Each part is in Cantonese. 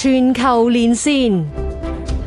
全球連線，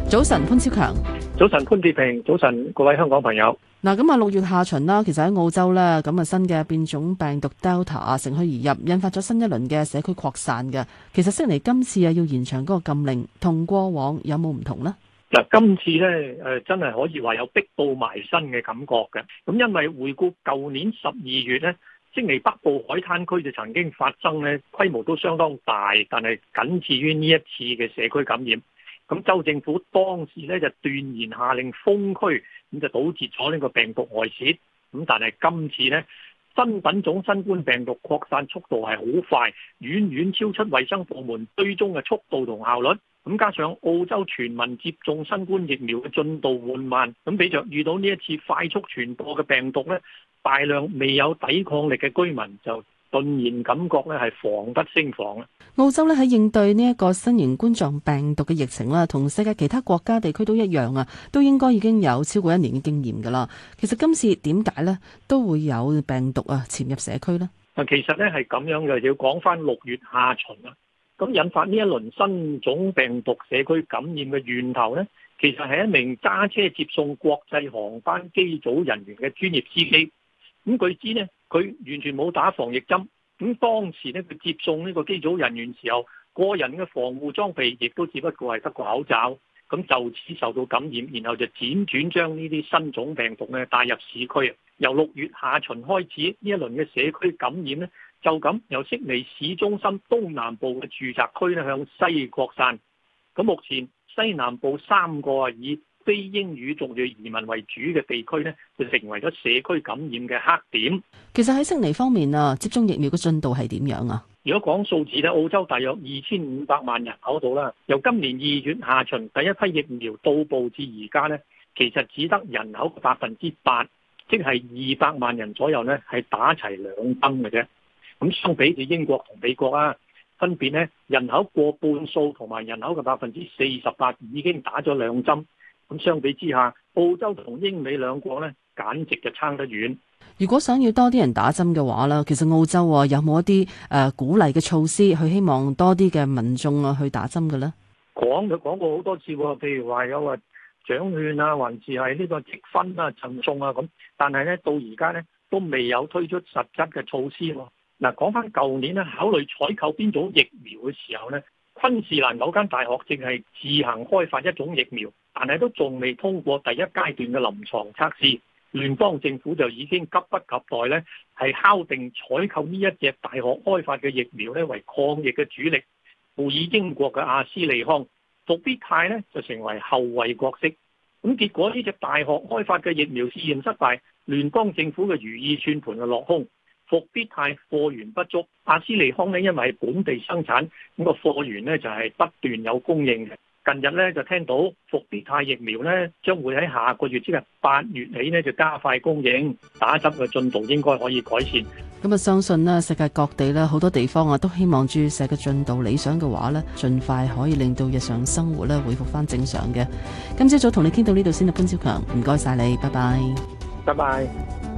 早晨潘昭強，早晨潘潔平，早晨各位香港朋友。嗱，咁啊六月下旬啦，其實喺澳洲啦，咁啊新嘅變種病毒 Delta 啊乘虛而入，引發咗新一輪嘅社區擴散嘅。其實悉尼今次啊要延長嗰個禁令，同過往有冇唔同呢？嗱，今次咧誒、呃、真係可以話有逼到埋身嘅感覺嘅。咁因為回顧舊年十二月咧。悉尼北部海灘區就曾經發生咧，規模都相當大，但係僅次於呢一次嘅社區感染。咁州政府當時咧就斷然下令封區，咁就阻截咗呢個病毒外泄。咁但係今次咧，新品種新冠病毒擴散速度係好快，遠遠超出衛生部門追蹤嘅速度同效率。咁加上澳洲全民接種新冠疫苗嘅進度緩慢，咁比著遇到呢一次快速傳播嘅病毒咧。大量未有抵抗力嘅居民就頓然感覺咧係防不勝防啦。澳洲咧喺應對呢一個新型冠狀病毒嘅疫情啦，同世界其他國家地區都一樣啊，都應該已經有超過一年嘅經驗噶啦。其實今次點解咧都會有病毒啊潛入社區呢？嗱，其實咧係咁樣嘅，要講翻六月下旬啊，咁引發呢一輪新種病毒社區感染嘅源頭咧，其實係一名揸車接送國際航班機組人員嘅專業司機。咁據知呢佢完全冇打防疫針。咁當時呢佢接送呢個機組人員時候，個人嘅防護裝備亦都只不過係得個口罩。咁就此受到感染，然後就輾轉將呢啲新種病毒呢帶入市區。由六月下旬開始，呢一輪嘅社區感染呢就咁由悉尼市中心東南部嘅住宅區呢向西擴散。咁目前西南部三個啊以非英語族裔移民為主嘅地區咧，就成為咗社區感染嘅黑點。其實喺悉尼方面啊，接種疫苗嘅進度係點樣啊？如果講數字咧，澳洲大約二千五百萬人口度啦，由今年二月下旬第一批疫苗到埗至而家咧，其實只得人口百分之八，即係二百萬人左右咧，係打齊兩針嘅啫。咁相比起英國同美國啊，分別咧人口過半數同埋人口嘅百分之四十八已經打咗兩針。咁相比之下，澳洲同英美兩國咧，簡直就差得遠。如果想要多啲人打針嘅話咧，其實澳洲啊，有冇一啲誒、呃、鼓勵嘅措施去希望多啲嘅民眾啊去打針嘅咧？講就講過好多次喎、哦，譬如話有個獎勵啊，還是係呢個積分啊、贈送啊咁。但係咧，到而家咧都未有推出實質嘅措施喎、哦。嗱，講返舊年咧，考慮採購邊種疫苗嘅時候咧。昆士蘭某間大學正係自行開發一種疫苗，但係都仲未通過第一階段嘅臨床測試。聯邦政府就已經急不及待咧，係敲定採購呢一隻大學開發嘅疫苗咧為抗疫嘅主力，輔以英國嘅阿斯利康、復必泰咧就成為後衛角色。咁結果呢隻大學開發嘅疫苗試驗失敗，聯邦政府嘅如意算盤就落空。復必泰貨源不足，阿斯利康呢因為本地生產，咁個貨源呢就係、是、不斷有供應嘅。近日呢就聽到復必泰疫苗咧將會喺下個月即係八月起呢就加快供應，打針嘅進度應該可以改善。咁啊，相信呢世界各地啦好多地方啊都希望注射嘅進度理想嘅話咧，盡快可以令到日常生活咧恢復翻正常嘅。今朝早同你傾到呢度先啦，潘昭強，唔該晒你，拜拜，拜拜。